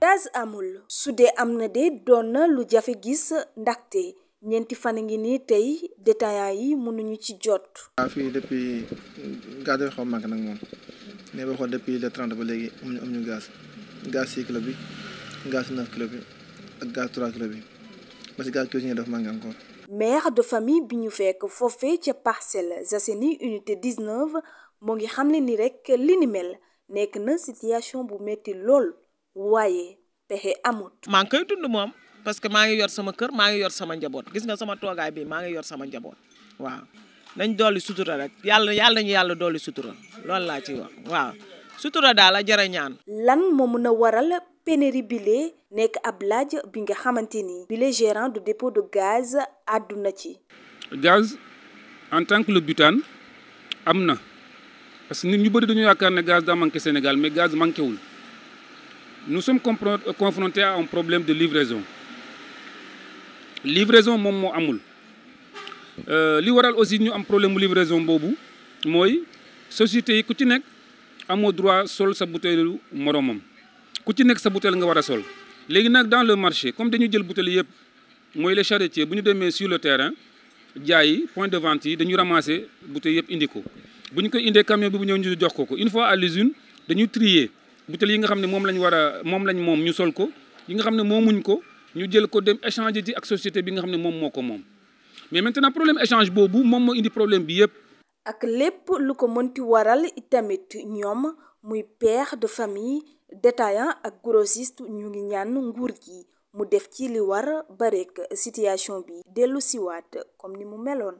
gaz amul su dee am na de doon na lu jafe gis ndaxte ñeenti fan a ngi nii tey détaillants yi mënuñu ci jot. waaw ah, fii depuis gaz bi xaw manqué nag moom ne boo xool depuis le ba léegi amuñu amuñu gaz gaz 6 kilo bi gaz 9 kilo bi ak gaz 3 kilo bi ba si gaz cuisinier dafa manqué encore. mère de famille bi ñu fekk foofee ca Parcelles Assainies unité 19 moo ngi xam ne ni rek li ni mel nekk na situation bu metti lool waaye pexe amut. maa ngi koy dund moom parce que maa ngi yor sama kër maa ngi yor sama njaboot gis nga sama toogaay bi maa ngi yor sama njaboot waaw nañ dolli sutura rek yàlla yàlla nañu yàlla dolli sutura lool laa ci wax waaw sutura daal a jërë lan moo mën a waral. pénurie bile nekk ab laaj bi nga xamante ni bile gérant du dépôt de gaz àdduna ci. gaz en tant que le butane am na parce que nit ñu bëri dañu yaakaar ne gaz daa manqué Sénégal mais gaz manqué wul nous sommes confrontés à un problème de livraison livraison moom moo amul euh, li waral aussi ñu am problème mu livraison boobu mooy société yi ku ci nekk amoo droit sol sa bouteille lu moromam. ku ci nekk sa butéel nga war a sol léegi nag dans le marché comme dañu jël butéel yëpp mooy les charretiers bu ñu demee sur le terrain jaayi point de vente yi dañu ramasser butéel yëpp indi ko bu ñu ko indee camion bi bu ñëw ñu jox ko ko une fois à l'usine dañu trier butéel yi nga xam ne moom lañ war a moom lañ moom ñu sol ko yi nga xam ne moom moomuñ ko ñu jël ko dem échanger ci ak société bi nga xam ne moom moo ko moom mais maintenant problème échange boobu moom moo indi problème bi yëpp. ak lépp lu ko mënti waral itamit ñoom muy père de famille. détaillant ak grossiste ñu ngi ñaan nguur gi mu def ci li war ba rek bi dellu siwaat comme ni mu meloon